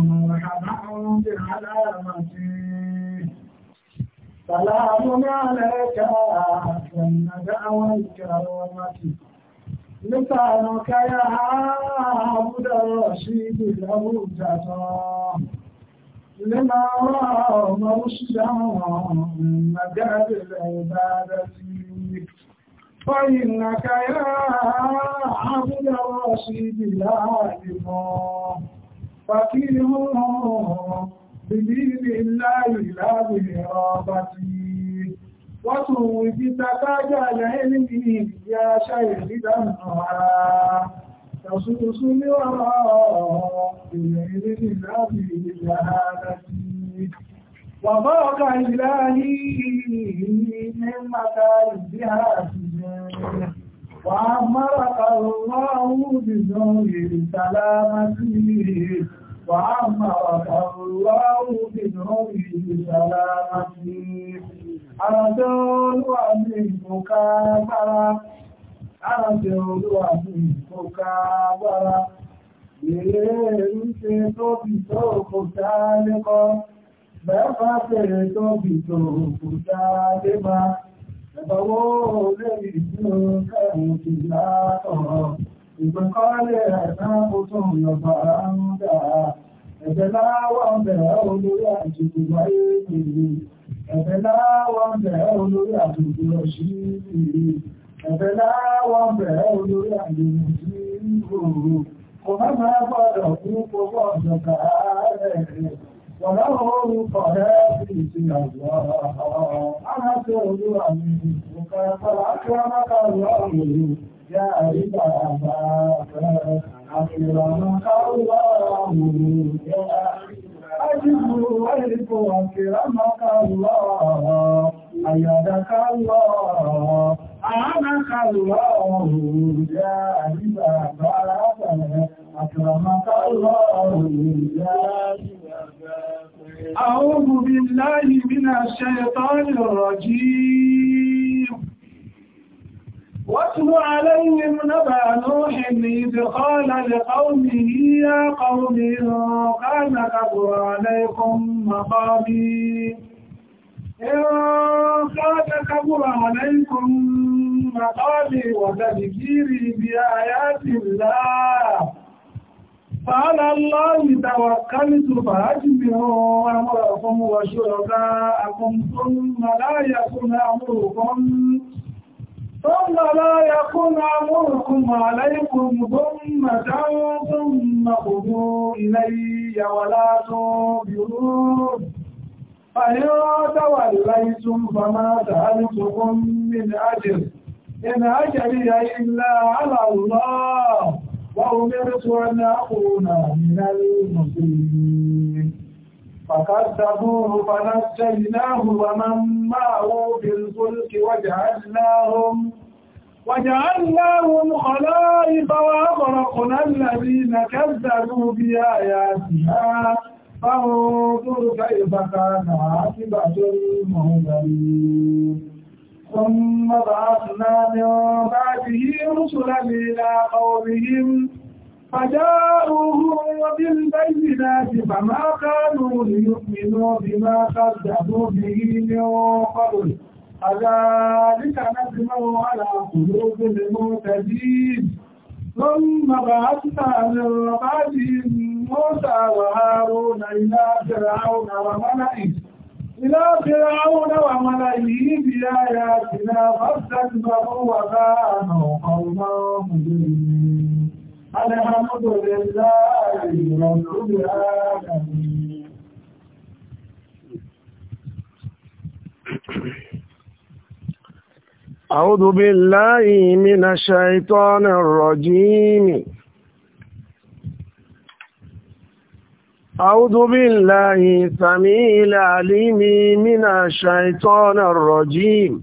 وحمام بعلامته سلام عليك أحسن دعوى الكرامة لسانك يا عبد الرشيد الأبوجة لما رأى مرشدا من مجال العبادة فإنك يا عبد الرشيد العارف فكيرهم بدين الله لا برغبتي وتوج تتجل علمي يا شيخ دمعا تصوص لوراء بالعلم الذي جهالتي وضاق إلهي من مكان جهاتي وعمرك الله بزوج سلامتي فأمرك الله بنوره سلامتي أرسل وأمينك برا gbara وأمينك برا Ìrẹ́rù ṣe tóbi tó kòtà lẹ́kọ́, mẹ́fà tobi nke ìgbà kọ́lẹ̀ ẹ̀sánàkótó ìyọba àmúdà ẹ̀bẹ̀ láwọn bẹ̀rẹ̀ olórí àtìkù wáyé ìrì ẹ̀bẹ̀ láwọn bẹ̀rẹ̀ olórí àtìkù ọ̀ṣí ìrì ẹ̀bẹ̀ láwọn bẹ̀rẹ̀ olórí àtìkù sí ìrò kò má máa gbọ́dọ̀ fún gbogbo ọ̀dọ̀kà rẹ̀ wọ̀láwọ̀ orúkọ rẹ̀ ìsìn àwọn ذلك أباء أكرم الله أجب ويلك أكرمك الله أيدك الله أعانك الله ذلك أباء أكرمك الله أعوذ بالله من الشيطان الرجيم واتل عليهم نبأ نوح إذ قال لقومه يا قوم كان كبر عليكم مقامي إن كان كبر عليكم مقامي وتذكيري بآيات الله فعلى الله توكلت فأجمعوا أمركم وشركاءكم ثم لا يكن أمركم ثم لا يكون أمركم عليكم ضمة ثم خذوا إلي ولا تنبرون فإن توليتم فما سألتكم من أجر إن أجري إلا على الله وأمرت أن أكون من المسلمين فكذبوه فنجيناه ومن معه في الفلك وَجَعَلْنَاهُمْ وجعلناهم خلائف وأغرقنا الذين كذبوا بآياتنا فانظر كيف كان عاقبة المهزلين ثم بعثنا من بعده رسلا إلى قومهم فجاءوهم وبالبينات فما كانوا ليؤمنوا بما كذبوا به من قبل كذلك نتبع على قلوب المعتدين ثم بعثنا من بعدهم موسى وهارون إلى فرعون وملئه إلى فرعون وملئه بآياتنا فاستكبروا وكانوا قوما مجرمين الحمد لله رب العالمين أعوذ بالله من الشيطان الرجيم أعوذ بالله سميع العليم من الشيطان الرجيم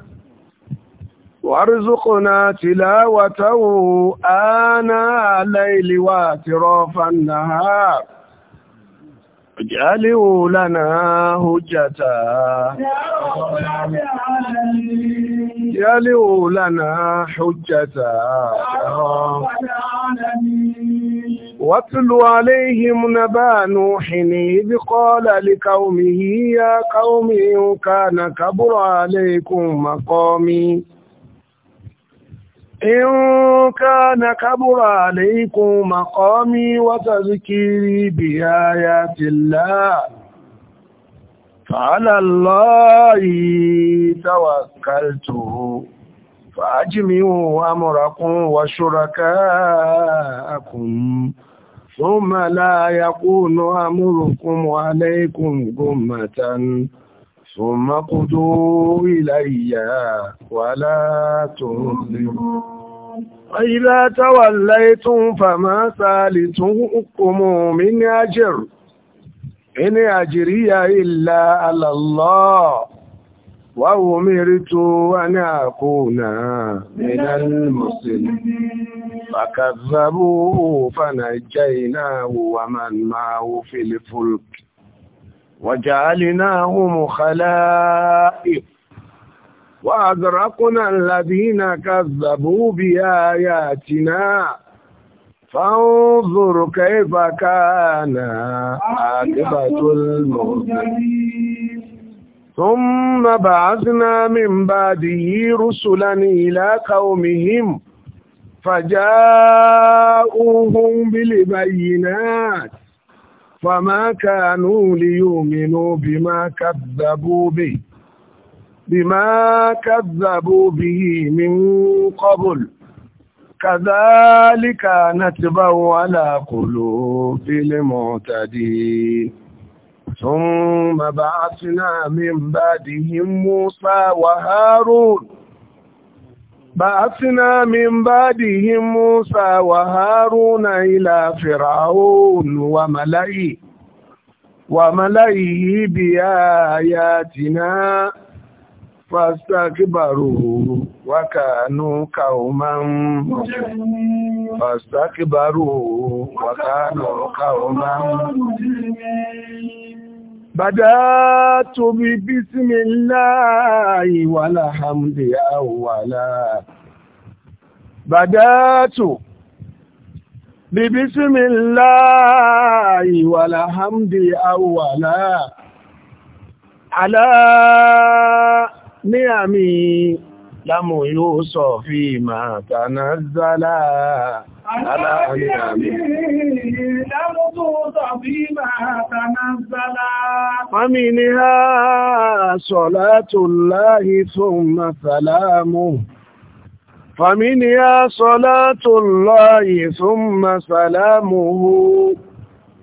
وارزقنا تلاوته آنا الليل واتراف النهار اجعله لنا هجة اجعله لنا حجة واتل عليهم نبا نوح إذ قال لقومه يا قوم إن كان كبر عليكم مقامي إن كان كبر عليكم مقامي وتذكيري بآيات الله فعلى الله توكلته فأجمعوا أمركم وشركاءكم ثم لا يكون أمركم عليكم غمة ثم قدوا إلي ولا تنظرون وإذا توليتم فما سالتكم من أجر إن أجري إلا على الله وأمرت أن أكون من المسلمين فكذبوه فنجيناه ومن معه في الفلك وجعلناهم خلائف وأغرقنا الذين كذبوا بآياتنا فانظر كيف كان عاقبة المرسلين ثم بعثنا من بعده رسلا إلى قومهم فجاءوهم بالبينات فما كانوا ليؤمنوا بما كذبوا به بما كذبوا به من قبل كذلك نتبع على قلوب المعتدين ثم بعثنا من بعدهم موسى وهارون بعثنا من بعدهم موسى وهارون إلى فرعون وملئه وملئه بآياتنا فاستكبروا وكانوا قوما فاستكبروا وكانوا قوما بدأت ببسم الله والحمد أولا بدأت ببسم الله والحمد أولا على نعمي لم يوصف فيما تنزلا aláàrí àmì ìlàmùtò tàbí bàtà náà sálá. Mami ni ha sọ̀látò láhì fún màsàlámù. Fàmí ni ha sọ̀látò láhì fún màsàlámù.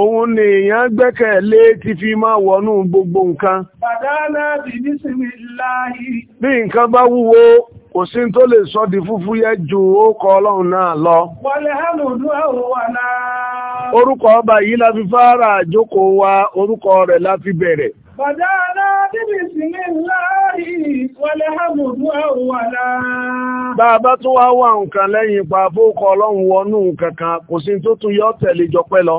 òun ni èèyàn gbẹ́kẹ̀lé ti fi máa wọnú gbogbo nǹkan. Bàdánà bí ní láàyè. Bí nǹkan bá wúwo, kò sí tó lè sọ di fúfúyẹ́ ju ókọ ọlọ́run náà lọ. Wọlé hánùdú àwọn wà náà. Orúkọ ọba yìí la fi fara wa, orúkọ rẹ̀ la fi bẹ̀rẹ̀. Bàdánà bí láàyè, wọlé àwọn wà náà. wá wà nǹkan lẹ́yìn pa fókọ ọlọ́run lọ.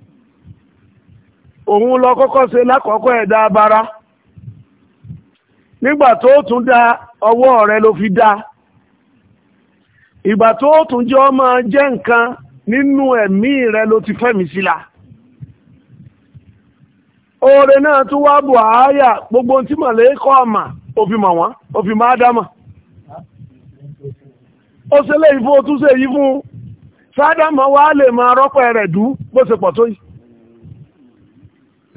òun lọ kọ́kọ́ ṣe lákọ̀ọ́kọ́ ẹ̀dá abara nígbà tó tún da ọwọ́ rẹ ló fi dá ìgbà tó tún jẹ́ ọmọ jẹ́ nǹkan nínú ẹ̀mí rẹ ló ti fẹ́mi síla oore náà tún wá bù àáyà gbogbo tí kọ́ àmà òfin wọ́n òfin dámà ó ṣe fún tún ṣe fún lè máa rọ́pẹ́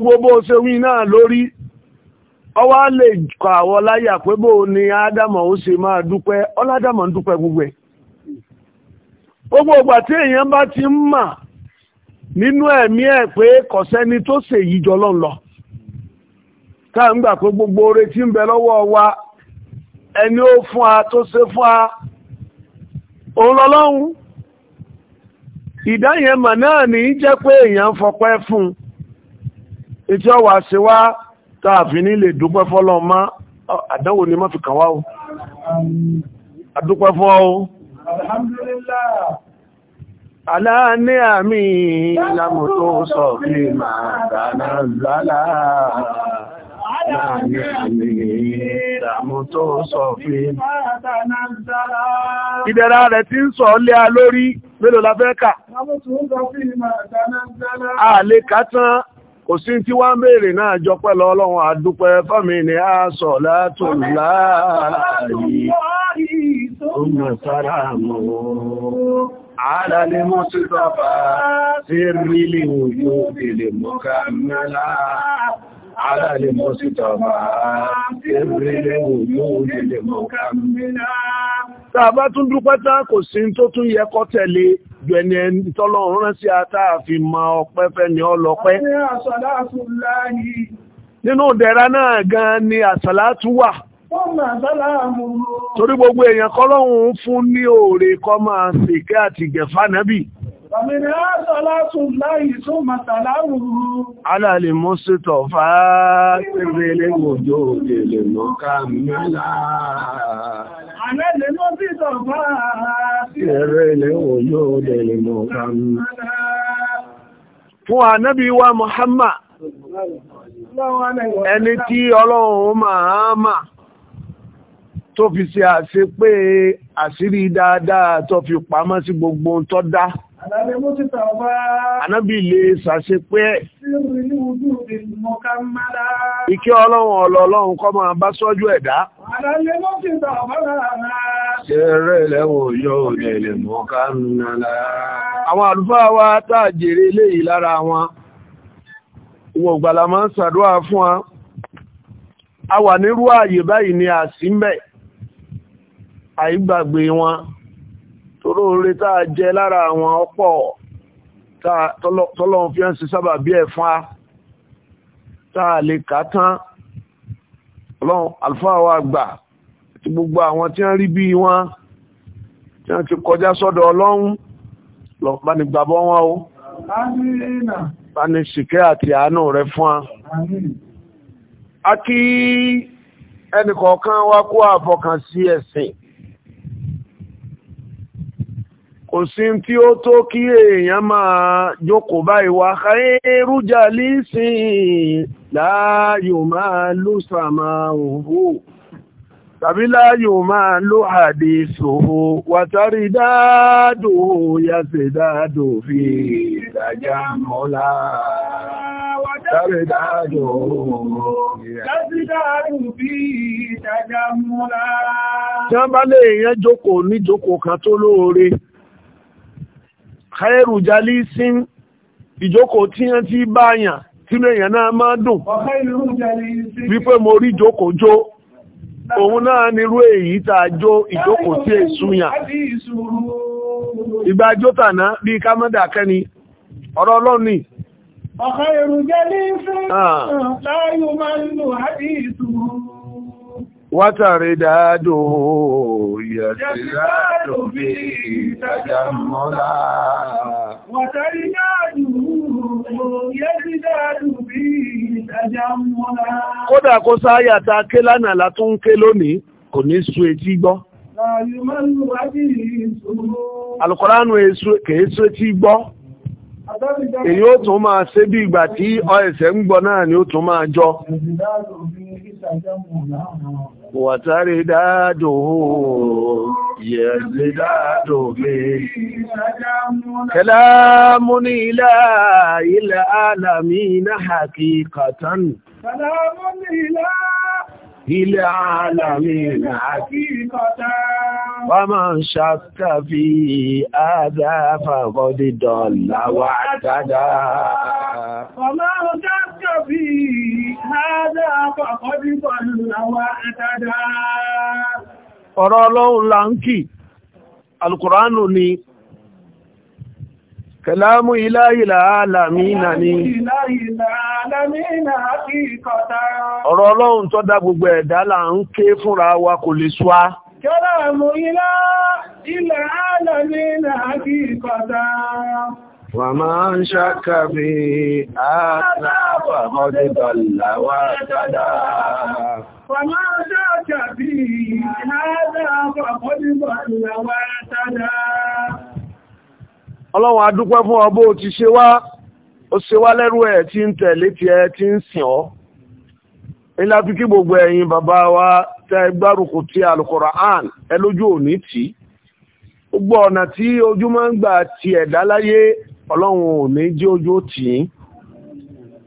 gbogbo bó náà lórí ọwá lè kọ àwọ láyé pé ni ádámọ̀ ó ṣe máa dúpẹ́ ọládámọ̀ ń gbogbo ẹ̀ gbogbo tí èèyàn bá ti ń mà nínú ẹ̀mí ẹ̀ pé kọ̀sẹ́ni tó ṣèyí jọ lọ káà ń gbà gbogbo oore ń bẹ lọ́wọ́ wa ẹni a tó ṣe fún a òun náà ní jẹ́ pé èèyàn fọpẹ́ fún un ìtí ọwà ṣe wá tààfin ní lè dúpẹ́ fọ́lọ́ ma àdánwò ni má fi kàn wá o àdúpẹ́ fọ́ o alhamdulillah aláàní àmì ìlàmù tó sọ fi máa dáná zálà aláàní àmì ìlàmù tó sọ fi máa dáná zálà ìdẹ̀ra rẹ̀ tí ń sọ lé a lórí mélòó la fẹ́ kà àlékà tán kò sí tí wá ń béèrè náà jọpẹ́ lọ ọlọ́run àdúpẹ́ fọ́mí ni a sọ látò láàáyí ọmọ sára mọ́ àádálé mọ́ sí tọ́fà sí rí lè wòyó ìlè mọ́kànlá على المصطفى سر الوجود المكملا tàbá tún dúpẹ́ tán kò sí tó tún yẹ kọ́ tẹ̀lé ju ẹni ẹni tọ́lọ́run rán sí àtààfin ma ọpẹ́ fẹ́ ni ọlọ́pẹ́ nínú ìdẹ̀ra náà gan ni àsàlátù wà torí gbogbo èèyàn kọ́lọ́hun fún ní òòrè kọ́ máa sèké àti gẹ̀fà nábì Fàmìnà sọ́látún láì tó màtàláwùrú. Alàlè mú sítọ̀ fàá tẹ́gbẹ̀ ilé mòjò òkèlè mọ́ kàmílá. Alàlè mú sítọ̀ fàá tẹ́gbẹ̀ ilé mòjò òkèlè mọ́ kàmílá. Fún ànábí wa Muhammad, ẹni tí Ọlọ́run máa máa tó fi ṣe àṣepé àṣírí dáadáa tó fi pamọ́ sí gbogbo ohun tó dá. Ànábì lè ṣàṣe pé ẹ̀. Ìkẹ́ ọlọ́run ọlọ́run kọ́ máa bá sọ́jú ẹ̀dá. Ṣẹ̀rẹ̀ lẹ́wọ̀n yóò lè lè mọ́ ká nàlá. Àwọn àlùfáà wa táà jèrè léyìí lára wọn. Ìwọ̀n gbàlà máa ń ṣàdúrà fún wa. A wà nírú ààyè báyìí ni àṣímbẹ̀ àìgbàgbé wọn toró oore tá a jẹ lára àwọn ọ̀pọ̀ tọ́lọ́run fi ń ṣe sábà bí ẹ̀fọn a tá a lè kà tán ọlọ́run wa gbà àti gbogbo àwọn tí wọ́n rí bí wọn tí wọ́n ti kọjá sọ́dọ̀ ọlọ́run lọ ní gbàbọ́ wọn o bá àti àánú rẹ fún wa. a kí ẹnìkọ̀ọ̀kan wa kó àfọkànsí ẹ̀sìn. kò sí tí ó tó kí èèyàn máa jókòó báyìí wá khairu jalisin láàyò máa ló sàmà òhò tàbí láàyò máa ló hadithuhu wàtàrí fi ìdájá mọ́lá wàtàrí dáàdò yàtẹ̀ dáàdò fi ìdájá mọ́lá tí wọ́n bá lè yẹn jókòó ní jókòó kan tó lóore khairu jalisin ìjókòó tí yẹn ti báyàn tínú èèyàn náà máa dùn wípé mo rí ìjókòó jó òun náà nírú èyí tá a jó tí èsúyàn ìgbà jó tàná bí kámọ́dà kẹ́ni oro ni ọ̀kọ̀ ní وترداده يزداد في تجملا وترداده يزداد في تجملا kódà kó sáyà ta ké lánàá la tún ké lónìí kò ní sú etí gbọ́. alukọ́ránù e kèé sú etí gbọ́ èyí ó tún máa ṣe bí ìgbà tí ń gbọ́ náà ni ó tún máa jọ. وترداده يزداد به كلام إله العالمين حقيقة كلام إله ilẹ̀ alàmìnà àkíkọta wà máa ń ṣàkà fi àádá fàkọ́dé dọ̀là wà dada wà máa ń ṣàkà fi àádá fàkọ́dé dọ̀là wà dada ọ̀rọ̀ ọlọ́run kẹlámù iláyìlá alámìnà ni ọ̀rọ̀ ọlọ́run tó dá gbogbo ẹ̀dá là ń ké fúnra wa kò lè ṣwá kẹlámù iláyìlá alámìnà àkíkọta wà máa ń ṣàkàbí àtàwà mọ́dídọ̀lá wà tọ́dá wà máa ń ṣàkàbí wà tọ́dá ọlọ́run adúpẹ́ fún ọbọ̀ ti ṣe wá ó ṣe wá lẹ́rú ẹ̀ tí ń tẹ̀lé ti ẹ tí ń sìn ọ́ ilá fi kí gbogbo ẹ̀yin bàbá wa tẹ gbárùkù ti alukoran ẹ lójú òní tì gbogbo ọ̀nà tí ojú máa ń gbà ti ẹ̀dá láyé ọlọ́run ò jẹ́ ojú tì í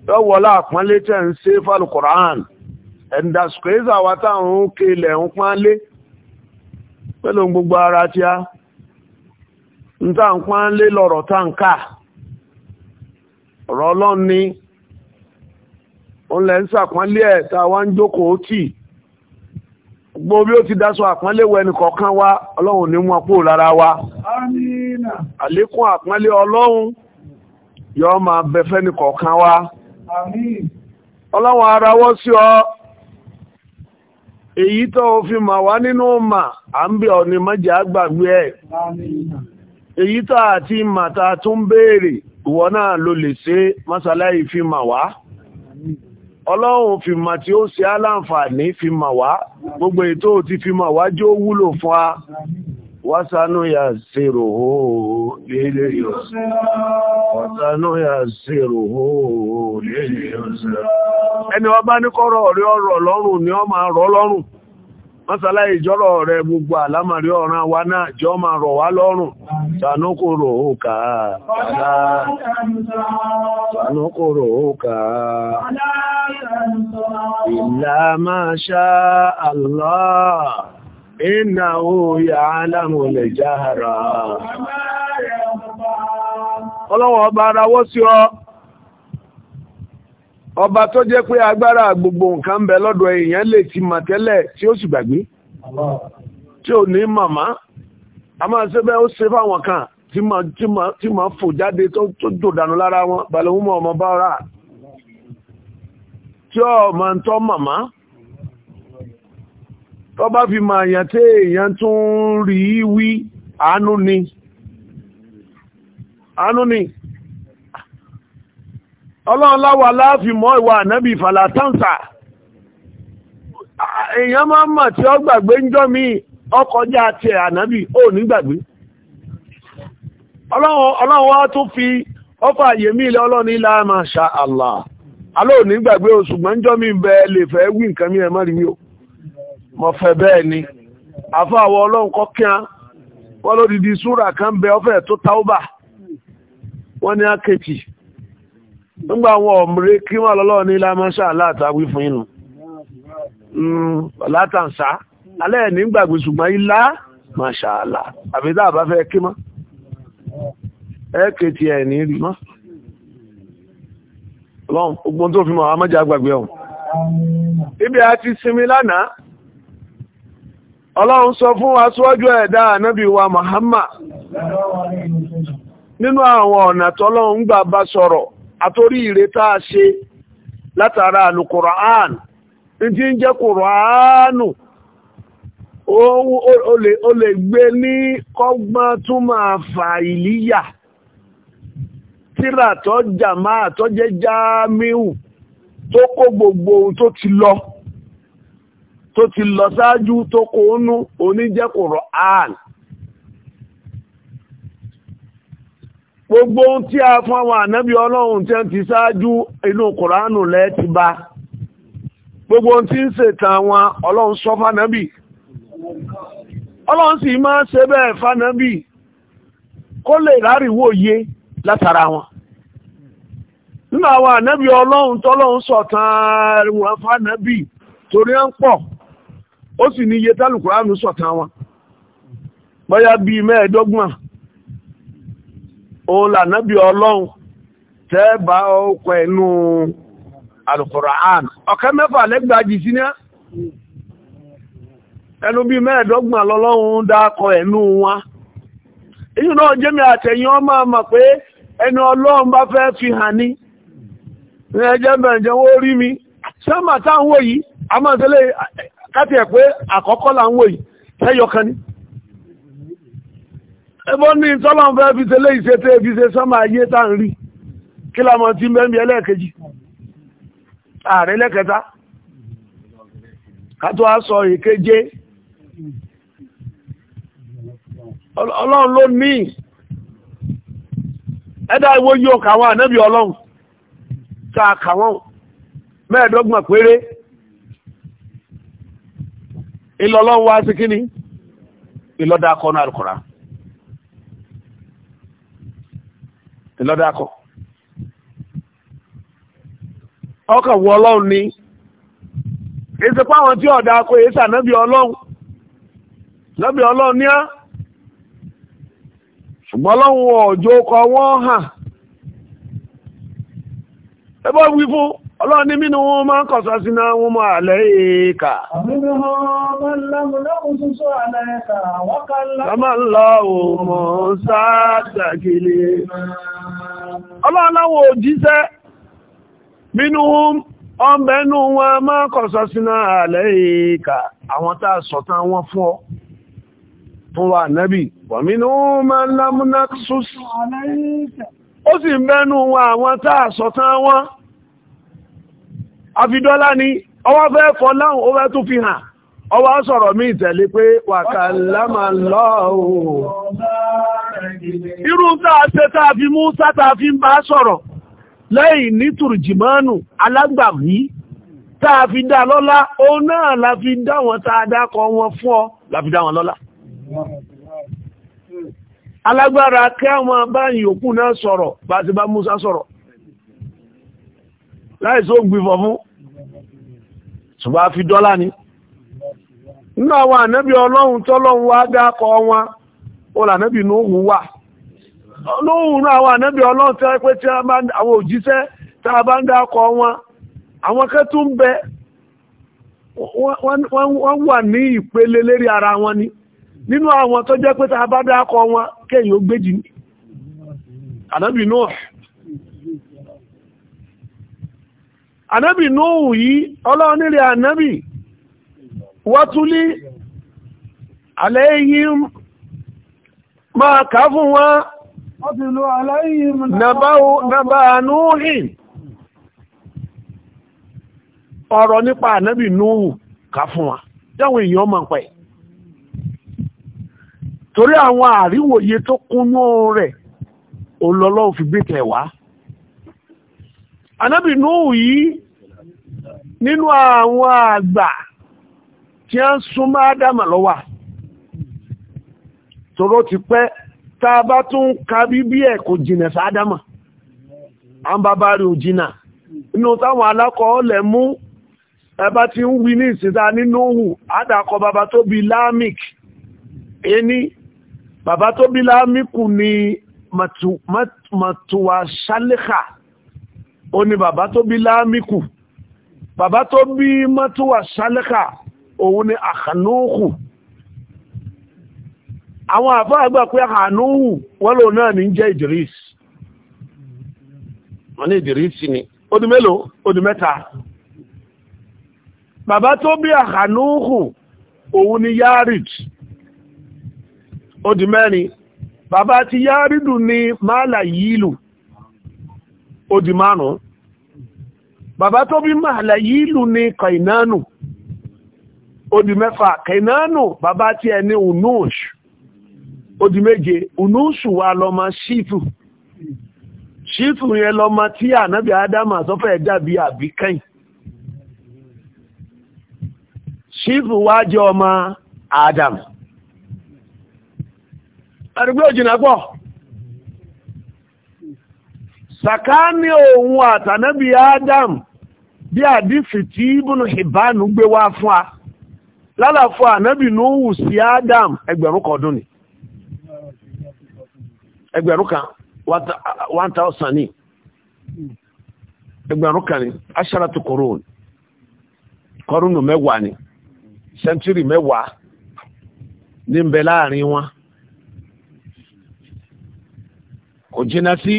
lọ́wọ́ láàpọ́nlé tẹ̀ ń ṣe falukoran ẹ̀ńdàsùkèésà wa táwọn ń kelẹ̀ ń pọ́nlé pẹ̀lú gbogbo ara tí a. níta ń pa ń lé lọ́rọ̀ tá ń kà ọ̀rọ̀ ni òun ń sàpọ́nlé ẹ̀ tá a wá ń jókòó tì gbogbo bí ó ti dáṣọ àpọ́nlé wọ ẹnì kọ̀ọ̀kan wa ọlọ́run ní mú apó lára wa àlékún àpọ́nlé ọlọ́run yọ máa bẹ fẹ́nì kọ̀ọ̀kan wa ọlọ́run arawọ́ sí ọ èyí tó fi mà wá nínú mà à ń bẹ̀ ọ ní mọ́jà gbàgbé ẹ̀ èyí tá àti ta tó ń béèrè ìwọ náà ló lè ṣe mọ́sálàyé fi mà wá ọlọ́run fi mà tí ó ṣe aláǹfààní fi mà wá gbogbo ètò ti fi mà wá jó wúlò fún wa wásánú yà ẹni ní ni ọ máa rọ lọ́rùn ìjọ́rọ̀ rẹ gbogbo àlámàrí ọ̀ràn wa náà jọ máa rọ̀ wá lọ́rùn T'anukọrọ ụka a, k'ala ahụ. T'anukọrọ ụka Ila ma sha ala ị na onye Adamu n'ijahara. Ọba ya bụ́ ọ̀la. Ọlọwọba arawo si Ọba tó je pé agbara gbogbo nka mbẹ lodọ ịnyịnya le ti maa tẹle ti o si gbagbe, ti o ni a máa ṣe bẹ́ẹ̀ ó ṣe fáwọn kan tí máa fò jáde tó dòdànù lára wọn balẹ̀hún mọ́ ọmọ bá rà tí ọ máa ń tọ́ màmá tó bá fi máa yàn tí èèyàn tún rí wí àánú ni àánú ni ọlọ́run láwà láàfin mọ́ ìwà ànábì èèyàn máa ń tí ọ gbàgbé ń jọ́ míì ọkọjá àti ànábì ó nígbàgbé ọlọ́run wá tó fi ọfà yèmí ilẹ̀ ọlọ́run ilẹ̀ àmàṣà àlà alóò nígbàgbé o ṣùgbọ́n ń mi bẹ lè fẹ́ wí nǹkan mi ẹ̀ má mi o mọ̀ fẹ́ ni ọlọ́run wọ́n súrà kan bẹ ọfẹ́ tó wọ́n ní nígbà àwọn ọ̀mùrè kí wọ́n lọ́lọ́run ilẹ̀ àlà àtàwí fún alẹ́ ní gbàgbé ṣùgbọ́n ilá màṣàlá àbí tá fẹ́ kí mọ́ ẹ ẹ̀ ní rí mọ́ lọ́n ogun tó fi mọ̀ àwọn gbàgbé ọ̀hún ibi a ti sinmi lánàá ọlọ́run sọ fún aṣíwájú ẹ̀dá ànábì wa Muhammad nínú àwọn ọ̀nà tọ́lọ́run gbà bá sọ̀rọ̀ àtórí ire tá a ṣe látara ní ń o le gbe ni ní kọ́gbọ́n túmọ̀ fàìlíyà tíra tó jàmá tó ja jámíhù tó kó gbogbo ohun tó ti lọ tó ti lọ sáájú tó kó nú oníjẹ́kùrọ̀ àn gbogbo ohun tí a fún àwọn ànábì ọlọ́run tí a ti sáájú inú kùránù lẹ́ẹ̀tì bá gbogbo ohun tí ń ṣètàn àwọn ọlọ́run sọ́fà nábì ọlọ́run sì máa ṣe bẹ́ẹ̀ fanabi kó lè ráríwó yé látara wọn nínú àwọn ànábì ọlọ́run tọ́lọ́run sọ̀tàn wọn fanabi torí ń pọ̀ ó sì ní iye tálùkùránù sọ̀tàn wọn bóyá bíi mẹ́ẹ̀ẹ́dọ́gbọ̀n òun lànábì ọlọ́run tẹ́ bá ọkọ̀ ẹ̀nu àlùkùránù ọ̀kẹ́ mẹ́fà lẹ́gbàájì sí ní ẹnu bí mẹ́ẹ̀dọ́gbọ̀n lọ́lọ́run dákọ ẹ̀nú wọn èyí náà jẹ́mi àtẹ̀yìn ọmọ àmà pé ẹni ọlọ́run bá fẹ́ fi hàn ní ẹjẹ́ bẹ̀rẹ̀ ó rí mi sẹ́mà táwọn yìí a máa tẹ́lẹ̀ káti ẹ̀ pé àkọ́kọ́ láwọn yìí tẹ́yọkan ní ẹbọ́n ní tọ́lọ́run fẹ́ fi tẹ́lẹ̀ ìṣẹ́tẹ́ fi ṣe sọ́mà ayé tá ń ọlọ́run ló ní ẹ̀dá ìwò yóò kàwọn ànábì ọlọ́run tá a kàwọn mẹ́ẹ̀dọ́gbọ̀n péré ìlọ́lọ́run wá sí kíní ìlọ́dákọ́ náà kọ̀rá ìlọ́dákọ́ ọkàn wọ ọlọ́run ní èsì pàwọn tí ọ̀dà akọ èsì ànábì ọlọ́run lọ́bẹ̀ ọlọ́run ní á ṣùgbọ́n ọlọ́run ọ̀jọ́ ọkọ̀ wọn hàn ẹbọ́ wí fún ọlọ́run ní mínú wọn máa ń kọ̀sọ́ sí náà máa lẹ́ èèkà ọlọ́run láwọn òjíṣẹ́ ọmọ ẹnu wọn máa kọ̀sọ́ sí náà lẹ́ èèkà àwọn tá a sọ̀tàn wọn fún ọ fún wa nẹ́bì wàmínú mẹ́lámúnáṣùs ó sì ń bẹ́nu wọn àwọn táà sọ̀tán wọn àfidọ́lá ni ọwá fẹ́ fọ́ láhùn ó fẹ́ tún fi hàn ọwá sọ̀rọ̀ mí ìtẹ̀lé pé wàkàlámà lọ́wọ́ irú táà ṣe táà fi mú sátáà fi ń bá dá lọ́lá òun náà la fi dá wọn táa dákọ wọn fún ọ la fi dá wọn lọ́lá alágbára kí àwọn abáyìn òkú náà sọ̀rọ̀ bá ti bá Musa sọ̀rọ̀ láìsí ó gbìfọ̀ fún fi ni nínú àwọn ànábì ọlọ́run tọ́lọ́run wá dákọ wọn ó lànábì wà lóhùn àwọn ànábì ọlọ́run tẹ́ pé tí àwọn òjíṣẹ́ tá a bá ń wọn àwọn bẹ wọ́n wà ní ni. nínú àwọn tó jẹ́ pé ta bá dákọ wọn kéyìn ó gbéjì ní ànábì Nuh ànábì Nuh yìí ọlọ́run nílẹ̀ ànábì watuli alayhim máa kà fún wọn nàbà Nuhin ọ̀rọ̀ nípa ànábì Nuh kà fún wọn jáwọn èèyàn máa pẹ̀lú torí àwọn àríwòye tó kúnnú rẹ̀ olọ́lọ́wọ́ fi gbé tẹ̀ wá anábì Nuhu yìí nínú àwọn àgbà tí a ń súnmọ́ ádámà lọ́wà tòró ti pẹ́ tá a bá tún ka bíbí ẹ̀ kò jìnà sí ádámà a ń bá rí òjìnà inú táwọn alákọ̀ọ́lẹ̀ mú ẹbá ti ń wí ní ìsìta nínú òhù àdàkọ bàbá tó bí lámìk ení bàbá tó bí lámíkù ni màtùwà ṣálẹ́kà ó ní bàbá tó bí lámíkù bàbá tó bí màtùwà ṣálẹ́kà òun ni àkànúhù àwọn àfáà gbà pé àkànúhù wọ́n lò náà ní jẹ́ Idris wọ́n ní Idris ni ó di mélòó ó di mẹ́ta bàbá tó bí àkànúhù òun ni Yarid Odi di mẹ́rin bàbá ti yárídù ní máàlà yìílù ó di márùn-ún bàbá tó bí máàlà yìílù ní kainanu ó di mẹ́fà kainanu bàbá ti ẹni unúṣù ó méje unúṣù wa lọ́mọ ṣífù ṣífù yẹn lọ́mọ tí ànábì ádámà sọ́fẹ́ dàbí àbíkẹ́yìn ṣífù wá jẹ́ ọmọ ádámà àdúgbò òjìnà pọ̀ sàkáání òun àtànábì Adam bí àdífì tí ibùnú ìbánu gbé wá fún a lálàfọ́ Nuhu sí Adam ẹgbẹ̀rún kan egberuka ni ẹgbẹ̀rún kan 1000 ní ẹgbẹ̀rún kan ní aṣáratu kòrónù kọrùnù mẹ́wàá mẹ́wàá wọn kò jìnnà sí.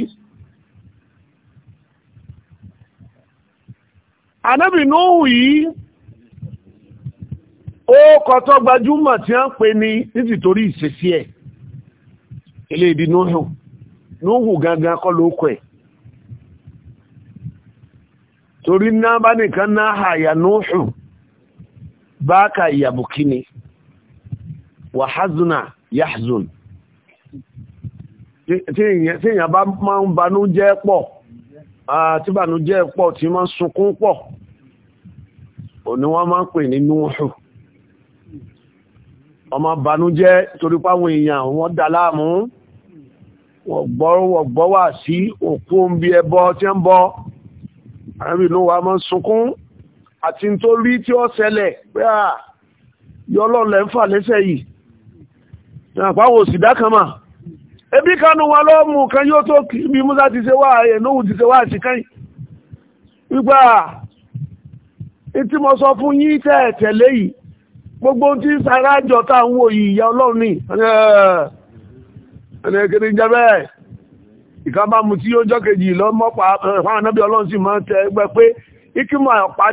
ànábì nóhù yìí ó kọtọ́ gbajúmọ̀ tí a ń pè ní nítorí ìṣesí ẹ̀ ilé ìdí nóhù gangan kọ́ ló kọ́ ẹ̀ torí náà bá nìkan náà àyà tí èèyàn bá máa ń banú jẹ́ pọ̀ tí banú jẹ́ pọ̀ tí máa ń sunkún pọ̀ òní wọ́n máa ń pè ní núhù ọmọ banú jẹ́ torí páwọn èèyàn wọ́n dà láàmú wọ̀gbọ́ wà sí òkú ń bí ẹbọ tí ń bọ àárín wa máa ń sunkún àti tó tí ó ṣẹlẹ̀ pé à yọ ń fà lẹ́sẹ̀ yìí ìrànpáwò òsìdá kan máa ebi kanu wọn lọ mú kan yóò tó kí bí musa ti ṣe wá ẹ̀nùhù ti ṣe wá àṣìkáyì wípé à ìtí mo sọ fún yín tẹ́ gbogbo tí sara jọ tá ń wò yìí ìyá ọlọ́run ní ẹni kiri jẹ bẹ́ẹ̀ ìkábàmù tí yóò kejì lọ́mọ́pá fáwọn anábì ọlọ́run sì máa ń tẹ ẹgbẹ́ pé ikimọ̀ ọ̀pá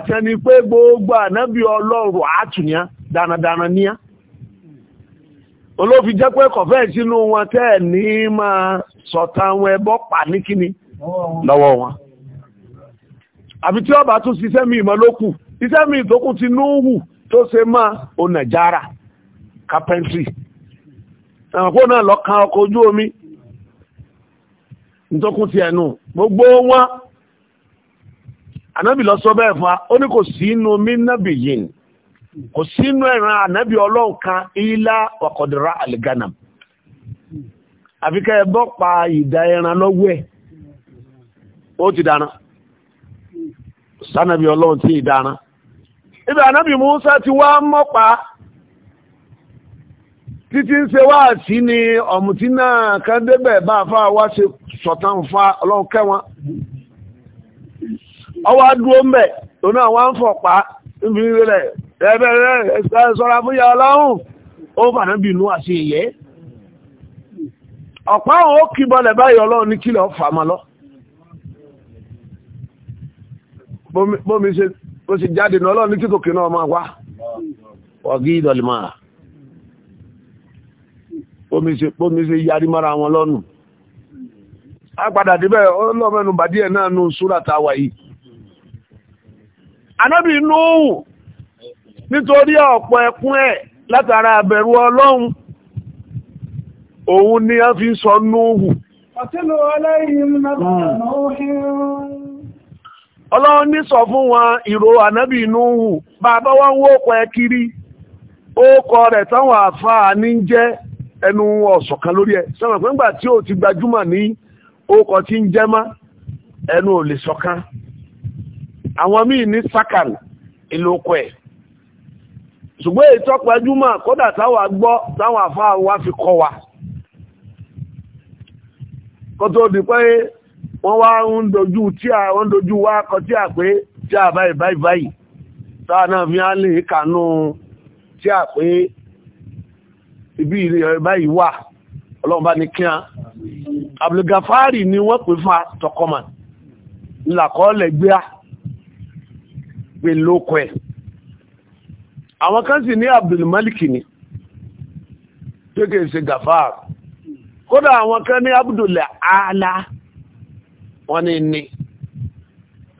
pé olófin jẹ́ pé kọ̀fẹ́ sínú wọn tẹ́ ní máa sọ̀tà àwọn ẹbọ pa ní kíni lọ́wọ́ wọn àbí tí ọba tún ṣiṣẹ́ mi ìmọ̀ ló kù iṣẹ́ mi ìtókù ti núhù tó ṣe máa onàjára carpentry ẹ̀wọ̀n náà lọ kan ọkọ̀ ojú omi ìtókù ti ẹ̀nu gbogbo wọn ànábì lọ sọ bẹ́ẹ̀ fún wa ó ní kò sí inú mi nábì yìí kò sínú ẹ̀ràn ànábì ọlọ́run kan ilá ọ̀kọ̀dọ̀rà àlìgánà àfikẹ́ ẹbọ́ pa ìdá ẹran lọ́wọ́ ẹ̀ ó ti dáná sánàbí ọlọ́run tí ìdáná ti wá mọ́pa títí ń ṣe wá sí ni ọ̀mùtí náà kan débẹ̀ bá wá ṣe sọ̀tàn fa ọlọ́run kẹwọn ọwọ́ adúró ń òun náà wá ń fọ̀ pa ẹ̀bẹ̀rẹ̀ sọ́ra fún ya ọlọ́run ó fàná bí inú àti ìyẹ́ ọ̀pá òun ó kí bọ́lẹ̀ báyìí ọlọ́run ní kílẹ̀ ọ̀fà máa lọ bómi ṣe bó ṣe jáde ní ọlọ́run ní kíkòkè náà máa wá ọ̀gí ìdọ̀lìmọ̀ bómi ṣe yarí mara wọn lọ́nu a padà débẹ̀ ọlọ́mẹ́nu bàdí ẹ̀ náà nù súrà táwa yìí anábì nùhùn nítorí ọ̀pọ̀ ẹkún ẹ̀ látara àbẹ̀rù ọlọ́run òun ni a fi ń sọ nóòhù hmm. ọlọ́run ní sọ fún wọn ìró ànábì nóòhù bàbá wọn wó ẹ kiri ó kọ rẹ̀ táwọn àfáà ní jẹ́ ẹnu ọ̀sọ̀kan lórí ẹ, sọ́mọ̀ pé ńgbà tí ó ti gbajúmọ̀ ní ókọ̀ tí ń jẹ́ mọ́ ẹnu ò lè sọ̀kan àwọn míì ní sákàn ìlú ọkọ̀ ẹ̀ ṣùgbọ́n èyí tó pẹjúmọ̀ kódà táwà gbọ́ táwà fáà wá fi kọ wa kó tó di pé wọ́n wá ń dojú tí a ń dojú wá kọ tí a pé tí a báyìí báyìí báyìí táà náà fi á lè kànú tí a pé ibi ìrìn báyìí wà ọlọ́run bá ní kíá Abdulgafari ni wọ́n pè fún tọkọmọ̀ ńlàkọ́ọ́lẹ̀ gbéa pè lóko ẹ̀ àwọn kan sì ní abdulmalik ni tó kìí ṣe gafar kódà àwọn kan ní abdul ala wọ́n ni ní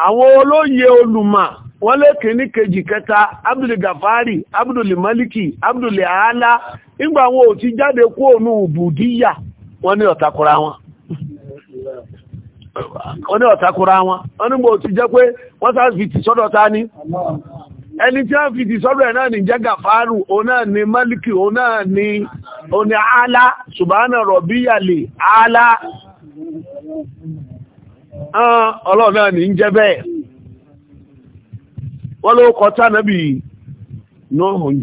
àwọn olóyè olùmọ̀ wọ́n lé kìíní kejì kẹta abdul gafari abdul maliki abdul ala nígbà àwọn ò ti jáde kó ònú bùdíyà wọ́n ọ̀takura wọn wọ́n ní ọ̀takura wọn wọ́n nígbà ò ti jẹ́ pé wọ́n sáà fi ni ẹni tí wọ́n fi ti sọ́rọ̀ ẹ̀ náà o náà ni málìkì o náà ni o ni ala ṣùgbọ́nà rọ̀bíyàlè àálá ọlọ́run náà ní jẹ́ bẹ́ẹ̀ wọ́n ló kọ tá ń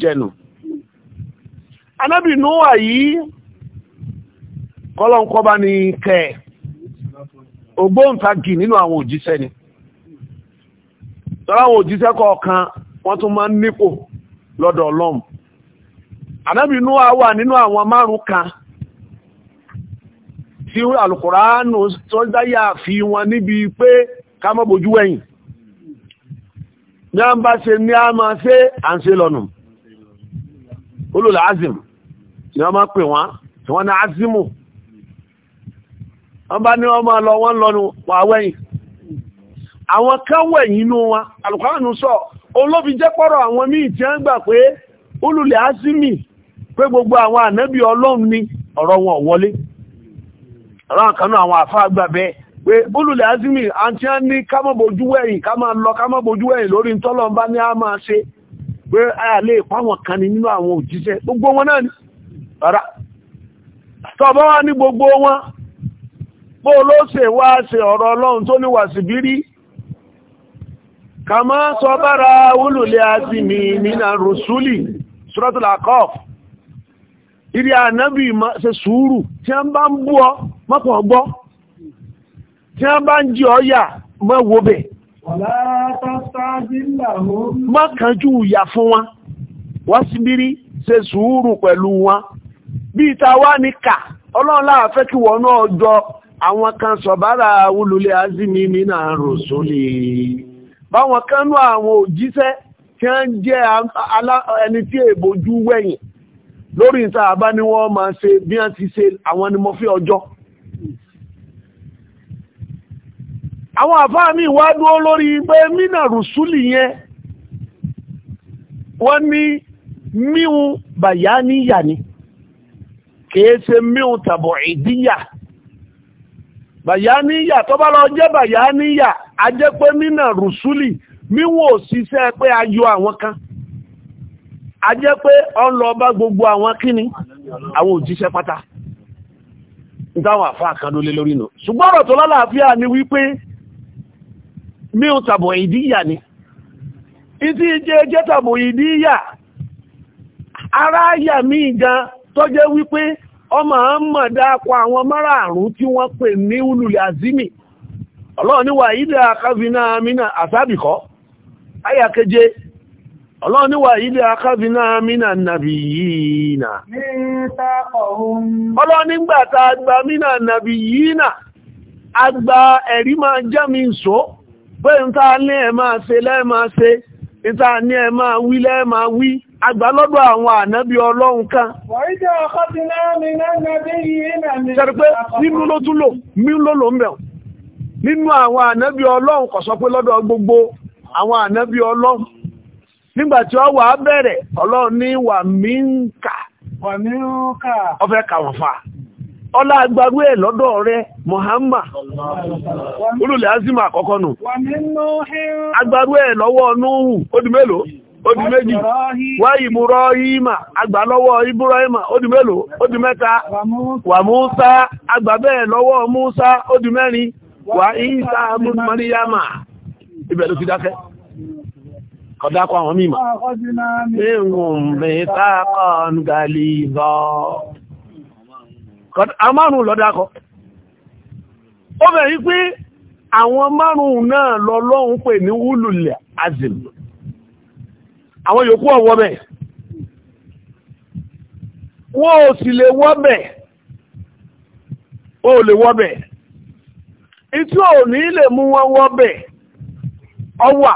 jẹ́nu anábì yìí wọ́n tún máa ń nípò lọ́dọ̀ ọlọ́run ànábì Nóà wà nínú àwọn márùn kan tí alukùránù tó dáyà fi wọn níbi pé ká má bojú wẹ̀yìn ní a ń bá ṣe ní a máa ṣe à ń ṣe lọ́nà olùlà azim ni wọ́n máa pè wọ́n tí wọ́n ní azimu wọ́n bá ní wọ́n máa lọ wọ́n lọ́nu wà wẹ̀yìn àwọn kan wẹ̀yìn inú wọn alukùránù sọ̀rọ̀ olófin jẹ́ pọ́rọ̀ àwọn míì tí wọ́n gbà pé olùlẹ̀ pé gbogbo àwọn ànábì ọlọ́run ni ọ̀rọ̀ wọn wọlé ọ̀rọ̀ àkànú àwọn àfáà gbà pé olùlẹ̀ lọ lórí tọ́lọ́mbá ní a ṣe pé a ní nínú àwọn òjíṣẹ́ gbogbo wọn náà ni ọ̀rá tọ́bọ́ wá ní gbogbo wọn bó ló ṣe wá ṣe kama sọ bára wúlùlẹ̀ àti mi nínà rùsúlì ṣúrọ́tùlà kọf ìrí ṣe sùúrù tí a bá ń bú ọ mọ́kàn gbọ́ tí a bá ń jí ọ fún wa wọ́n ṣe sùúrù pẹ̀lú wọn wa. ìta wá ní kà ọlọ́run láàfẹ́ kí wọ́n ka jọ so bara sọ̀bára azimi nínà báwọn kánú àwọn òjíṣẹ́ tí wọ́n jẹ́ ẹni tí èbòjú wẹ̀yìn lórí ni wọ́n máa ṣe bí ti ṣe àwọn ni mo fi ọjọ́ àwọn àfáà mi wá dúró lórí pé mínà rùsúlì yẹn wọ́n ní míhun bàyá níyà ni kìí ṣe míhun tàbọ̀ ìdíyà bàyá níyà tó bá lọ jẹ́ bàyá níyà a jẹ́ pé mínà rùsúlì míwò òṣìṣẹ́ pé a yọ àwọn kan a jẹ́ pé ọ lọ gbogbo àwọn kíni àwọn òjíṣẹ́ pátá ìdáwọn àfáà kan lórí nù ṣùgbọ́n tó lálàáfíà ni wípé míhun tàbọ̀ ìdíyà ni je idi ya ara ọlọ́run ni wà ìdí akábínà amínà àtàbìkọ́ ayà keje ọlọ́run ní wà ìdí akábínà amínà nàbì yìí nà ọlọ́run nígbàtà àgbà mínà nàbì yìí nà àgbà ẹ̀rí máa jẹ́mi sọ pé ń ta ní ẹ máa ṣe lẹ́ẹ̀ máa ṣe ń ta ní ẹ máa wí lẹ́ẹ̀ máa wí àgbà lọ́dọ̀ àwọn ànábí ọlọ́run kan. Wàídẹ́ ọkọ́ ti náà mi yìí nà nínú àwọn ànẹ́bí ọlọ́run kò sọ pé lọ́dọ̀ gbogbo àwọn ànẹ́bí ọlọ́run nígbàtí ọ wà bẹ̀rẹ̀ ọlọ́run ní wà mí ń kà ọfẹ́ kàwọn ọlá agbáwé lọ́dọ̀ rẹ olùlẹ̀ àkọ́kọ́ nù agbáwé lọ́wọ́ mélòó wà wà ìsá ibn Maryama ibẹ̀ ló ti dákẹ́ kọ̀dákọ̀ àwọn mímọ̀ ẹ̀wọ̀n mẹ́ta kan gàlì lọ amárùn lọ́dákọ̀ ó bẹ̀rí pé àwọn márùn náà lọ lọ́hun pè ní wúlùlẹ̀ azìm àwọn yòókù ọ̀wọ́ wọ́n ò sì lè wọ́ bẹ̀ ó lè wọ́ itu òní lè mú wọn wọ́bẹ̀ ọwà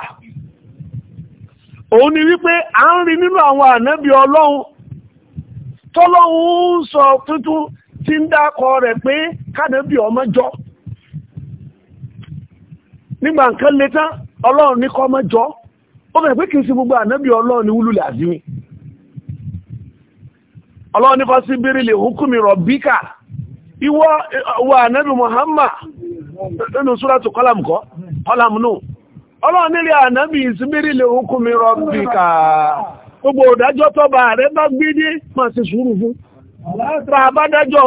òun ni wípé a ń rí nínú àwọn ànábì ọlọ́run tọ́lọ́run ń sọ tuntun ti ń dákọ rẹ̀ pé kánẹ́bì ọmọ jọ nígbà nǹkan le ọlọ́run ní jọ o bẹ̀rẹ̀ kìí gbogbo ànábì hukumi Muhammad nínú súrátù kọ́làmù kọ́ kọ́làmù nù ọlọ́run nílé ànábì ìsinmírí lè hukú mi rọ́bì ká gbogbo òdájọ́ tó bá rẹ bá sùúrù fún bá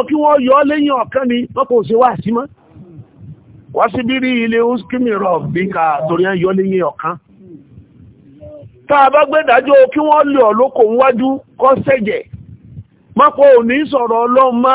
kí wọ́n yọ lẹ́yìn ọ̀kan ni wọ́n kò ṣe wá sí mọ́ wá sí bí rí ilé mi ká torí ẹ̀ yọ lẹ́yìn ọ̀kan kí wọ́n lè wájú kọ́ sẹ́jẹ̀ sọ̀rọ̀ ọlọ́run má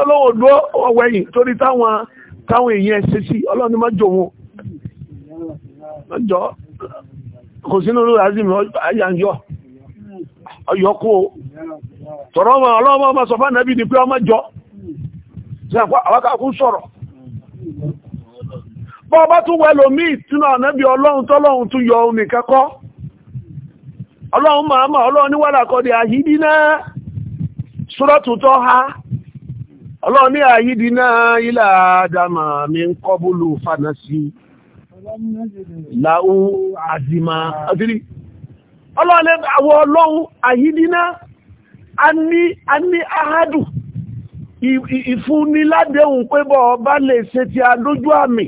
ọlọ́wọ́ dúró torí táwọn táwọn èèyàn ṣe sí ọlọ́ni má jò wọn kò sínú lórí azim ayànjọ́ ọyọ́kó tọ̀rọ ọmọ ọmọ sọfá nàbí pé ọmọ jọ àwákàkú sọ̀rọ̀ bọ́ ọba tún wẹ́ ọlọ́run máa máa ọlọ́run di sọ́rọ̀ tuntun ha ọlọ́run ní àyídí náà ilá àdámà mi ń kọ́búlù fanasi láú àdìmá ọlọ́run àwọ ọlọ́run àyídí náà a ní a ìfúnniládéhùn pé bọ́ ọba lè ṣe ti àmì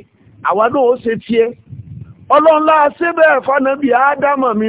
àwa náà ó ṣe ti ẹ fanabi àdámà mi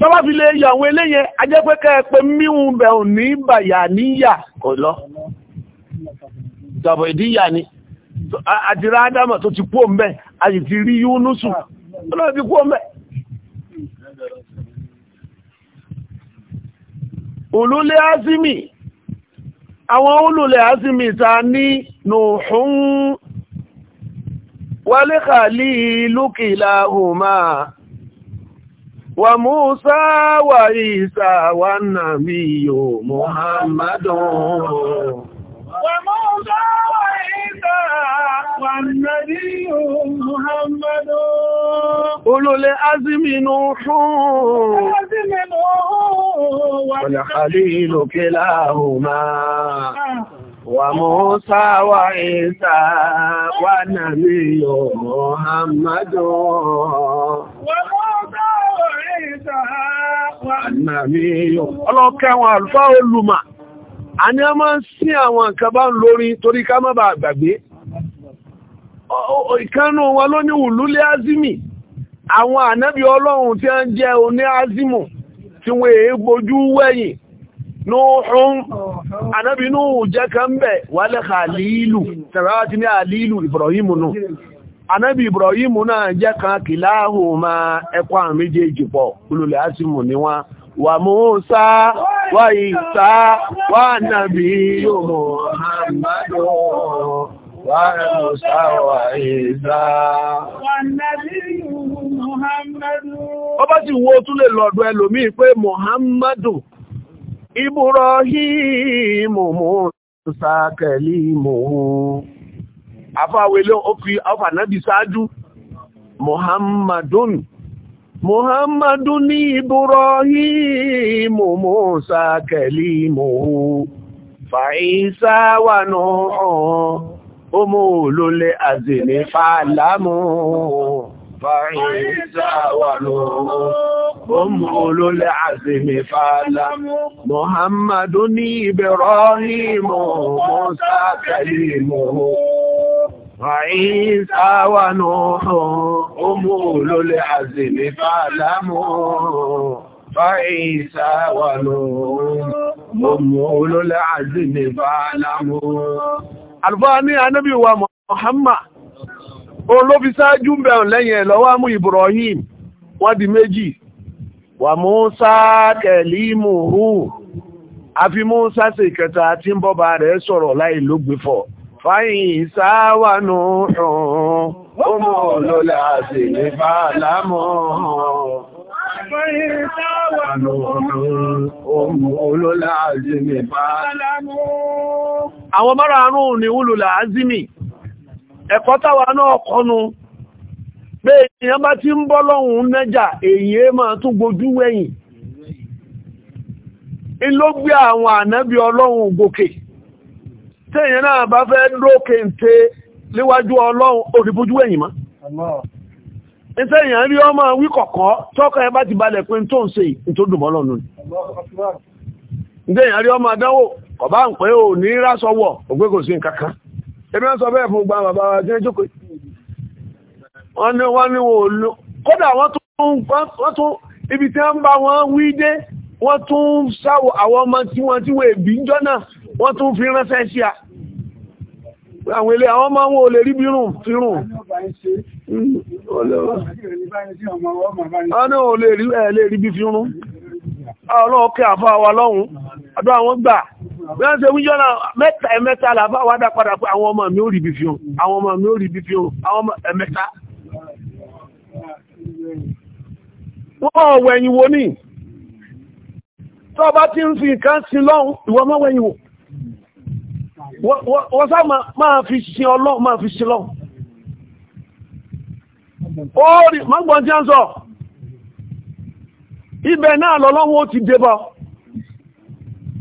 tọ́bá fi lè yọ àwọn eléyẹn ajẹ́pẹ́kẹ́ pé míhun bẹ̀ ò ní bàyà níyà kò lọ ìjọba ìdíyà ni àti rádámà tó ti kú òmbẹ̀ àti ti rí yúnúsù tó lọ́ ti kú òmbẹ̀ olólé ázímì àwọn olólé ázímì ta ní nùhún wálé kàlí lókè láhùn máa wa Musa wa Isa wa Nabiyu Muhammadun wa Musa wa Isa wa Nabiyu Muhammadun ulul azmi Nuhun wal Khalilu kilahuma ah. وموسى وعيسى wà محمد وموسى وعيسى ونبي ọlọ́kẹ́ àwọn àlùfáà a ní a máa ń sí àwọn nǹkan bá ń lórí torí ká má bàa gbàgbé ìkánú wọn ló ní wùlúlé azimi àwọn azimu tí wọ́n èé Núhùn, ànábì jẹ́ kan bẹ̀ wálẹ̀ Khalilu, tẹ̀rẹ́wà ti ní àlìlù Ibrahimu nù. Ànábì Ibrahimu náà jẹ́ kan kìláhù ma ẹkọ́ méjèèjì pọ̀, olùlẹ̀ Asimu ni wọ́n. Wà wà wà wà wà Ìsá. Wà Nàbí Ọba ti wo tún lè pé Ibrahim Musa kalimuhu afáwelé òkú ọfànábì sáájú Muhammadun Muhammadun ní Ibrahim Musa kalimuhu fàíṣà wà náà ọmọ falamu. فعيسى ولوط هم أولو العزم فعلم محمد إبراهيم موسى كليمه وعيسى ونوح هم أولو العزم فعلموا فعيسى ونوح هم أولو العزم فعلموا أرفعني النبي ومحمد òun ló fi ṣáájú ń bẹ̀rùn lẹ́yìn ẹ̀ lọ́wọ́ mú Ibrahim wọ́n di méjì wà Musa kẹ̀límù hù àfi Musa sì kẹta tí ń bọ́ba rẹ̀ sọ̀rọ̀ láì lógbèfọ̀ fáyìn ìsáwánú ọ̀hún ó mọ̀ lọ́lá àti ìlẹ́fà lámọ̀ ọ̀hún àwọn márààrún ni wúlò làázìmì ẹ̀kọ́ táwa náà kọ́nu pé èyàn bá ti ń bọ́ lọ́hùn nẹ́jà èyí máa tún gbojú wẹ̀yìn ló àwọn ànẹ́bí ọlọ́run gòkè tí náà bá fẹ́ lókè ń tẹ ẹ̀yìn ma ti balẹ̀ pé tó ń tó dùnmọ́ lọ́nu rí ọmọ adánwò kọ̀bá ń èmi ń sọ bẹ́ẹ̀ fún gbàmà bàbá tí ó jókòó wọ́n ní wọ́n ní wò ló kódà wọ́n tún ibi tí wọ́n bá wọ́n wí dé wọ́n tún sáwọ̀ àwọn ọmọ tí wọ́n tí wọ́n èbí jọ náà wọ́n tún fi ránṣẹ́ sí à àwọn ilé àwọn ọmọ wọn ò lè rí bírùn fírùn ọ̀nà lè rí bí fírùn ọlọ́ọ̀kẹ́ àfáà wa lọ́hùn-ún àwọn gbà bẹ́ẹ̀ ṣe wíjọ́ náà mẹ́ta ẹ̀mẹ́ta làbá wá dá padà pé àwọn ọmọ mi ò rí bí fi hàn àwọn ọmọ mi ò rí bí fi hàn àwọn ọmọ ẹ̀mẹ́ta wọ́n ọ̀wọ̀ ẹ̀yìn wo ní tó bá ti ń fi nǹkan sí lọ́hun ìwọ mọ́wọ́ wọ́n sá máa fi sin ọlọ́hun máa fi sin lọ́hun ó rí mọ́gbọ́n tí a ń sọ ibẹ̀ náà lọ́lọ́wọ́ ti débọ̀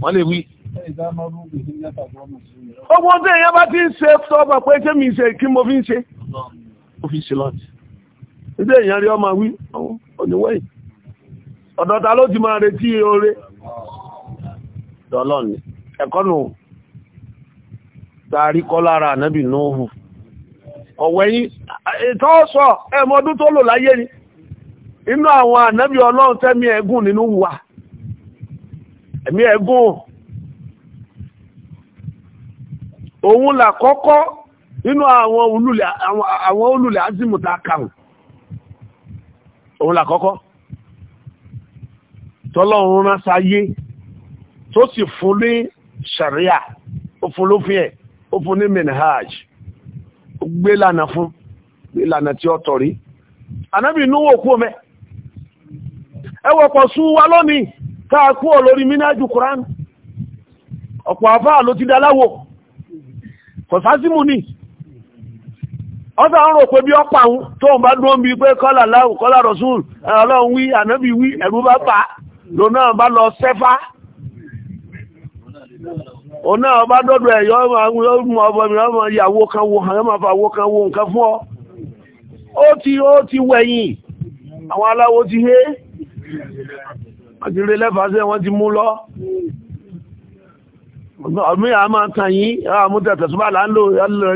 wọ́n lè wí. Gbogbo bá ti ń ṣe sọ́bà pé mi ṣe kí mo fi ń ṣe? Ó fi ṣe lọ́tì. Ilé èyàn rí ọmọ wí, òníwọ́ Ọ̀dọ̀ta ló ti máa retí oore. Dọ́lọ́ ni, ẹ̀kọ́ nù, tàrí kọ́ lára ànábì tó lò láyé ni. Inú àwọn ànábì Ọlọ́run ẹ̀gùn nínú ẹ̀mí ẹ̀gùn òun là nínú àwọn olùlẹ̀ azimuta kàrùn òun là tọ́lọ́run rán sáyé tó sì fún ní sharia ó fún ẹ̀ ó fún ní minhaj gbé lànà fún gbé lànà tí káàkú olórí mínájú kùránù ọ̀pọ̀ àfáà ló ti dáláwò kò ní ọ́sà ń rò pé bí ọ́pà ń tó ń bá dúró bí pé kọ́là láwù kọ́là rọ̀súùl ọlọ́run wí ànábì lọ sẹ́fá ọba dọ́dọ̀ ẹ̀yọ́ ọmọ wọ́n ti rí lẹ́fàáṣẹ́ wọ́n ti mú lọ ọmọ ìyá máa tàn yí àmú tẹ̀tẹ̀ súnmọ́ là ń lò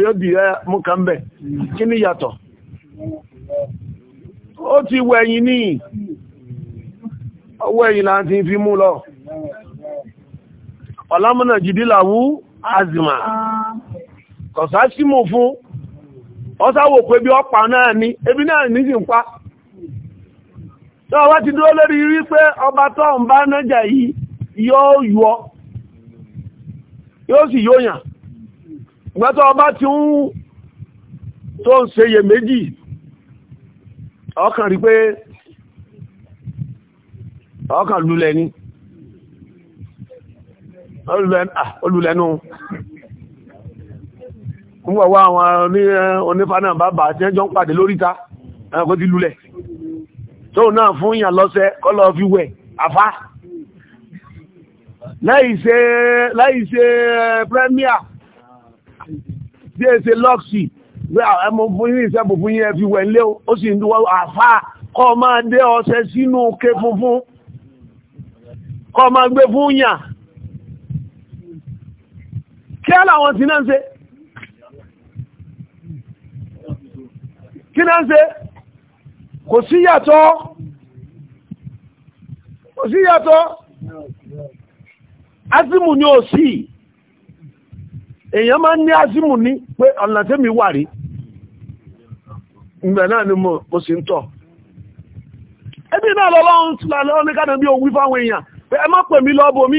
yóò dì ẹ mú kan bẹ̀ kí ni yàtọ̀ ó ti wẹ̀yìn ní ọwọ́ ẹ̀yìn là ń ti fi mú lọ ọ̀lámọ́nà jìdílàwú azìmà kọ̀sá símò fún ọ́sáwò pé bí ọ̀pá náà ní ebi náà ní sí ń pa tó wá ti dúró lórí wípé ọba tó ń bá nájà yìí yóò yọ yóò sì yóòyàn gbẹ́tọ́ ọba ti ń tó ń ṣe yẹ méjì ọkàn rí pé ọkàn lulẹ̀ ni olùlẹ́nu ń wọ̀wọ́ àwọn onífà náà bá bà tí ẹjọ́ ń pàdé lóríta ẹ̀kọ́ ti lulẹ̀ tóun náà fún yàn lọ́sẹ̀ kọ́ lọ fi wẹ̀ afá láì ṣe eh, premier tí è ṣe lọ́ọ̀sì ẹmọ fún yín ìṣẹ́bù fún yín ẹfi wẹ̀ nílé ó sì ń wọ́n àfá kọ́ máa dé ọṣẹ sínú ké funfun kọ́ máa gbé fún yàn kí á làwọn tí náà ṣe kí náà ṣe kò sí yàtọ̀ kò sí yàtọ̀ azimu ni ò sí èèyàn máa ń ní azimu ní pé ọ̀nà tẹ́mi wà rí ìgbẹ̀ náà ni mo sì ń tọ̀ ẹbí náà lọ́lọ́run tí lọ́lọ́run ní kánàbí òwú fáwọn èèyàn pé ẹ má pè mí lọ́bọ̀ mi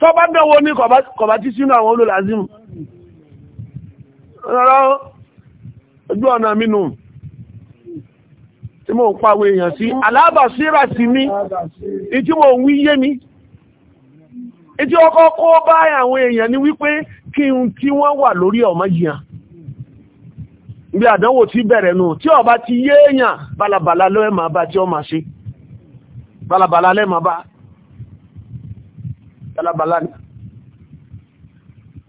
tó bá ní kọ̀bá sínú àwọn olólàzímù rárá ojú ọ̀nà mínú tí mo ń pàwọ èèyàn sí síra sí mi ìtí mo ń wíyé mi ìtí ọkọ̀ kó bá àwọn èèyàn ni wípé kí n tí wọ́n wà lórí ọmọ yìí bí ti ọba ti yé èèyàn balabala tálábàlá ni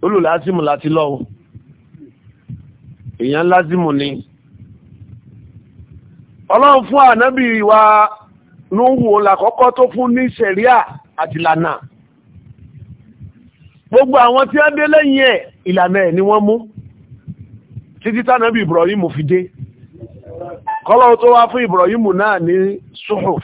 olùlásìmù láti lọ́wọ́ èèyàn lásìmù ni ọlọ́run fún ànábì wa núhù làkọ́kọ́ tó fún ní sẹ̀ríà àti ìlànà gbogbo àwọn tí a dé lẹ́yìn ẹ̀ ìlànà ẹ̀ ni wọ́n mú títí tánàbí Ibrahim fi dé kọ́lọ́ tó wá fún Ibrahim náà ní suhuf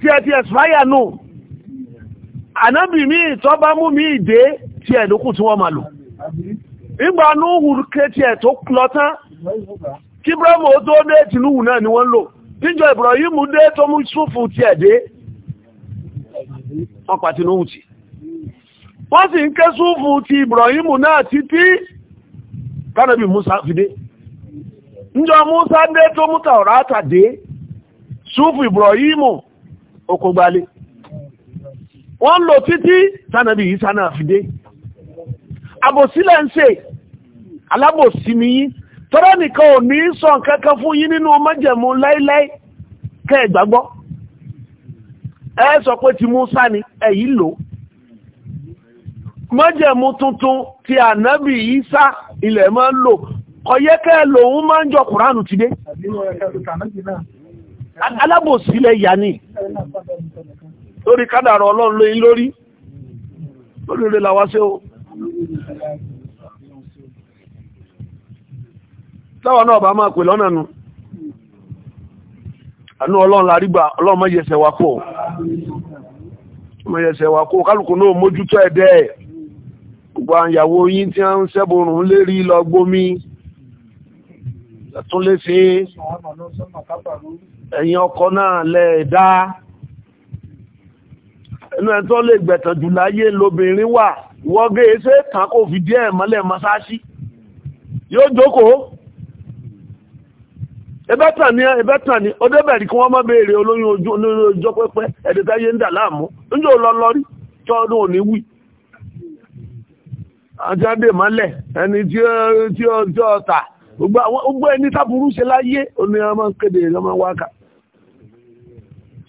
tí ẹ ti ẹ̀sùfáyà nù ànábì mi ìtọ́ bá mú mi ìdé tí ẹ̀ lókù tí wọ́n máa lò nígbà núhù kéèkì ẹ̀ tó lọ tán kí brahma ó tó dé tìlúhù náà ni wọ́n lò níjọ Ibrahim dé tó mú súfù tí ẹ̀ dé wọ́n pàtí núhù tí wọ́n sì ń ké súfù ti Ibrahim náà títí kánàbì Musa fi dé Musa dé tó mú tàwárátà dé súfù Ibrahim oko gbálé wọ́n lò títí tánàbí yìí sánà fìdé àbòsílẹ̀ ń tọ́rọ nìkan ò ní sọ fún nínú láíláí kẹ́ ẹ sọ pé ti ni lò tuntun ti ànábì ilẹ̀ lò kọ̀yẹ́kẹ́ lòun máa ń jọ ti dé. alábòsílẹ̀ ìyá ni lórí kádàrà ọlọ́run lóyìn lórí lórí rẹ̀ làwá sí o táwọn náà bá máa pè lọ́nà nù àánú ọlọ́run lárígbà ọlọ́run má yẹsẹ̀ wá kó má yẹsẹ̀ wá kó kálukú náà mójútó ẹ̀dẹ́ ẹ̀ gbogbo àyàwó yín tí a ń sẹ́bùrùn lérí lọ gbómi tún lé sí Eyi ọkọ náà lẹ́ẹ̀dá inú ẹ̀ tó lè gbẹ̀tàn jù láyé lóbìnrin wà wọ́gẹ́ ẹsẹ́ e fi díẹ̀ mọ́lẹ̀ yóò kí ojú olóyún pẹ́pẹ́ ń dà láàmú tọ́ọ̀dún òní wí àjáde mọ́lẹ̀ ẹni tí ó tà gbogbo ẹni ṣe láyé kéde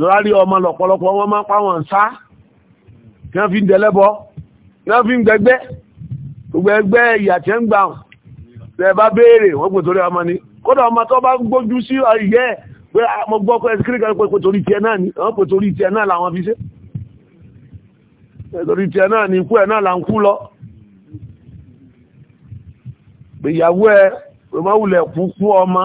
lọ́rárí ọmọ lọ̀pọ̀lọpọ̀ wọn máa pàwọn sá kí wọ́n fi ń dẹlẹ́bọ kí wọ́n fi ń gbẹgbẹ́ gbogbo ẹgbẹ́ ìyà tí ń gbà rẹ̀ bá béèrè wọ́n pè torí ọmọ ni kódà ọmọ tó bá gbójú sí ìyẹ́ pé ah, mo gbọ́ pé kí nìkan pé torí tiẹ̀ náà ni wọ́n pè torí tiẹ̀ náà làwọn fi ṣe torí tiẹ̀ náà ni ikú ẹ̀ náà là ń kú lọ ìyàwó ẹ̀ pèmáwùlẹ̀ kú kú ọmọ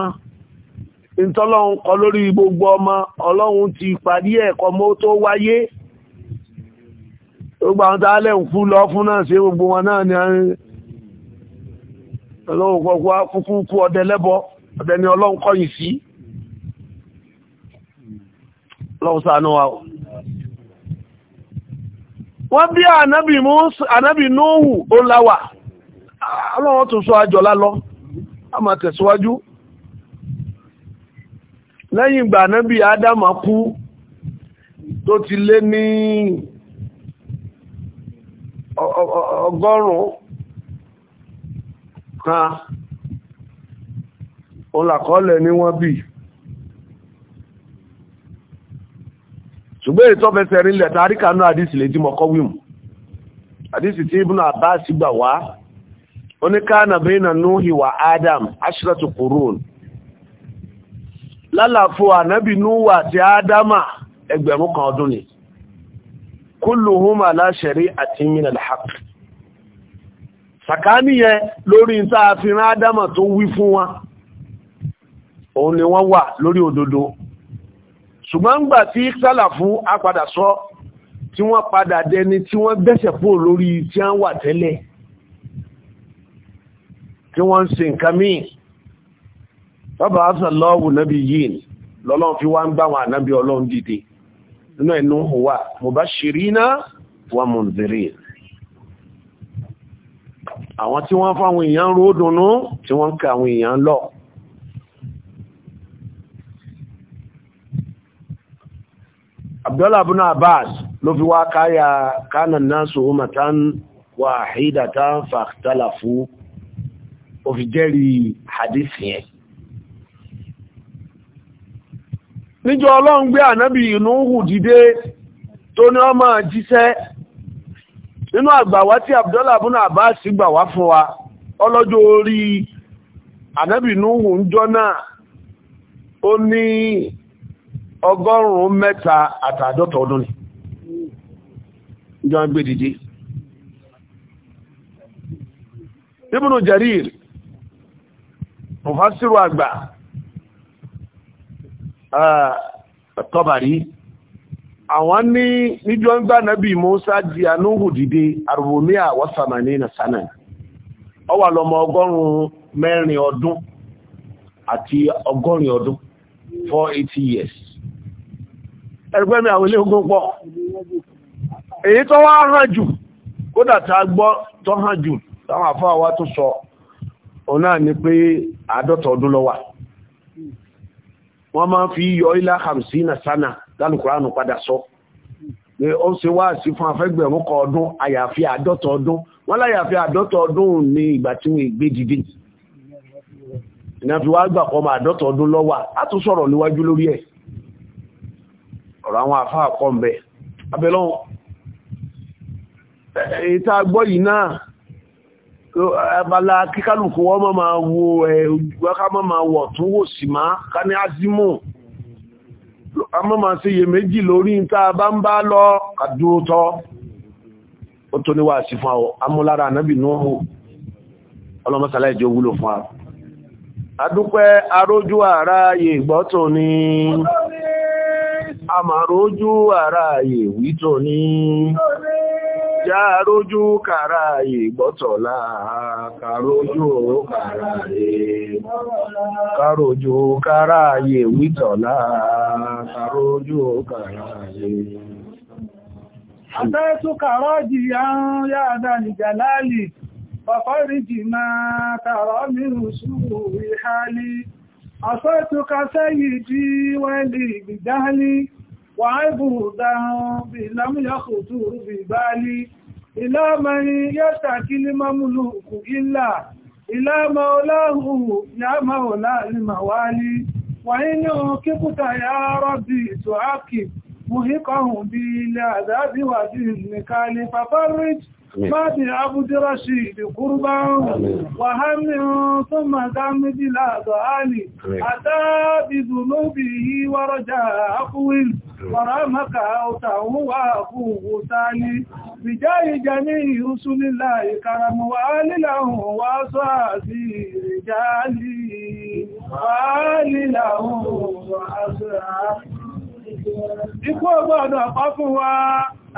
ìtọ́lọ́run kọ lórí gbogbo ọmọ ọlọ́run ti parí ẹ̀kọ́ mọ́ tó wáyé gbogbo àwọn tààlẹ̀ ń kú lọ fún náà sí gbogbo wọn náà ni ọlọ́run kọ̀ọ̀kọ́ kúkú kú ọdẹ lẹ́bọ ọdẹ ni ọlọ́run kọ̀yìn sí ọlọ́run ṣàánú wa wọ́n bí ànábì Núhù ó láwà ọlọ́run tún sọ àjọ lálọ́ a máa tẹ̀síwájú lẹ́yìn ìgbà náà bí adam kú tó ti lé ní ọgọ́rùn-ún kan olàkọọ́lẹ̀ ní wọ́n bí ṣùgbé ìtọ́fẹsẹ̀ rinlẹ̀ tàríkànú àdísì lè jí mọ́kọ́ wímù àdísì tí Ibn Abbas gbà wá oníkàánà bẹ́ẹ̀nà Nuhi Adam ashratu qurun lálàfo ànábì núwà àti ádámà ẹgbẹ̀rún kan ọdún ni kulluhum ala shari'atin min al-haqq sàkáníyẹ lórí ń tàà fi rán ádámà tó wí fún wa òun ni wọ́n wà lórí òdodo ṣùgbọ́n ń gbà tí sálàfú apadà sọ tí wọ́n padà dẹni tí wọ́n gbẹ́sẹ̀ pò lórí tí wọ́n wà tẹ́lẹ̀ tí wọ́n ń ṣe nǹkan míì bàbá asàlọ́wù nábi yìí lọ́lọ́n fi wá ń gbá wọn ànábí ọlọ́run dìde nínú ẹ̀nú wà mubashirina wa munzirin àwọn tí wọ́n fáwọn èèyàn ródùnú tí wọ́n ká àwọn èèyàn lọ abdullahi ibn abbas ló fi wá káyà kana nasu ummatan wahidatan fakhtalafu ó fi jẹ́rìí n'íjọ ọlọ́run gbé ànábì Nuhu dìde tó ní ọmọ jíṣẹ́ nínú àgbàwá tí Abdullah ibn Abbas gbà wá fún wa ọlọ́jọ́ orí ànábì Nuhu níjọ́ náà ó ní ọgọ́rùn-ún mẹ́ta àtàdọ́ta ọdún ni ìjọ gbé àgbà tọ́bàrí àwọn ní níjọ ń gbà nábì Musa di anúhù dìde na ọ wà lọ́mọ ọgọ́rùn-ún mẹ́rin ọdún àti ọgọ́rin ọdún 480 years àwọn pọ̀ èyí tó wá hàn kódà gbọ́ tó hàn jù sọ ọ náà ni pé àádọ́ta ọdún wọ́n máa fi yọ ilá hamsina sana lálùkùránù padà sọ pé ó ń ṣe wáàsí fún afẹ́gbẹ̀rún kan ọdún àyàfi àádọ́ta ọdún wọ́n láyàfi àádọ́ta ọdún ní ìgbà tí wọ́n gbé dìde ìnáfi wá gbà kọ́ máa àádọ́ta ọdún lọ́wà á tún sọ̀rọ̀ níwájú lórí ẹ̀ ọ̀rọ̀ àwọn àfáà kọ́ ń bẹ gbọ́ yìí náà abala kíkálùkù wọ́n ma wo ẹ̀ẹ́gbẹ́ká ma wọ̀ tún wò ká ní azimu a máa máa ṣe iyèméjì lórí tá a bá ń bá lọ kàdúrótọ́ ó tó sí fún àwọ̀ amúlára ànábì Nuhu ọlọ́mọ́sálá ìjẹ́ fún ara já kara kàrà ìgbọ́tọ̀lá kàrójú kàrà kàrójú kàrà ìwítọ̀lá kàrójú kàrà Àtẹ́tù kàrọ́ jìyà ń yáadà nìjàlálì, ọ̀fọ́ ìrìjì máa kàrọ́ mìírù súrù ìhálí, àtẹ́tù kàfẹ́ yìí jí wẹ́lì ìgbìdálì, وعبودا لم يخطر ببالي إلى من يتقي المملوك إلا إلى مولاه يا مولى الموالي وإن عوقبت يا ربي تعاقب مهقهم بي لعذاب وجه النكال ففرج فاتح عبد رشيد قربا وهم ثم دم بلا ضعان أتى بذنوبه ورجاء أقوي ورمك أوته وأخوه ثاني بجاه جميع رسل الله كرم وآل له وأصحابه رجالي وآل له وأصحابه Ikú ọgbọ́dọ̀ pa fún wa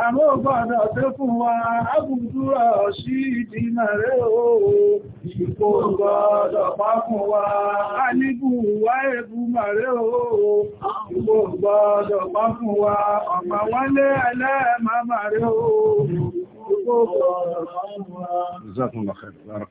Àmọ́ gbọ́dọ̀ tó fún wa, ábùdúrà sí ìdínà rẹ̀ ooo, ìpò gbọ́dọ̀ pa fún wa, a níbù wá ẹ̀bù màrẹ́ ooo, ìpò gbọ́dọ̀ pa fún wa, ọ̀pá wálé alẹ́ẹ̀mà màrẹ́ ooo, ìpò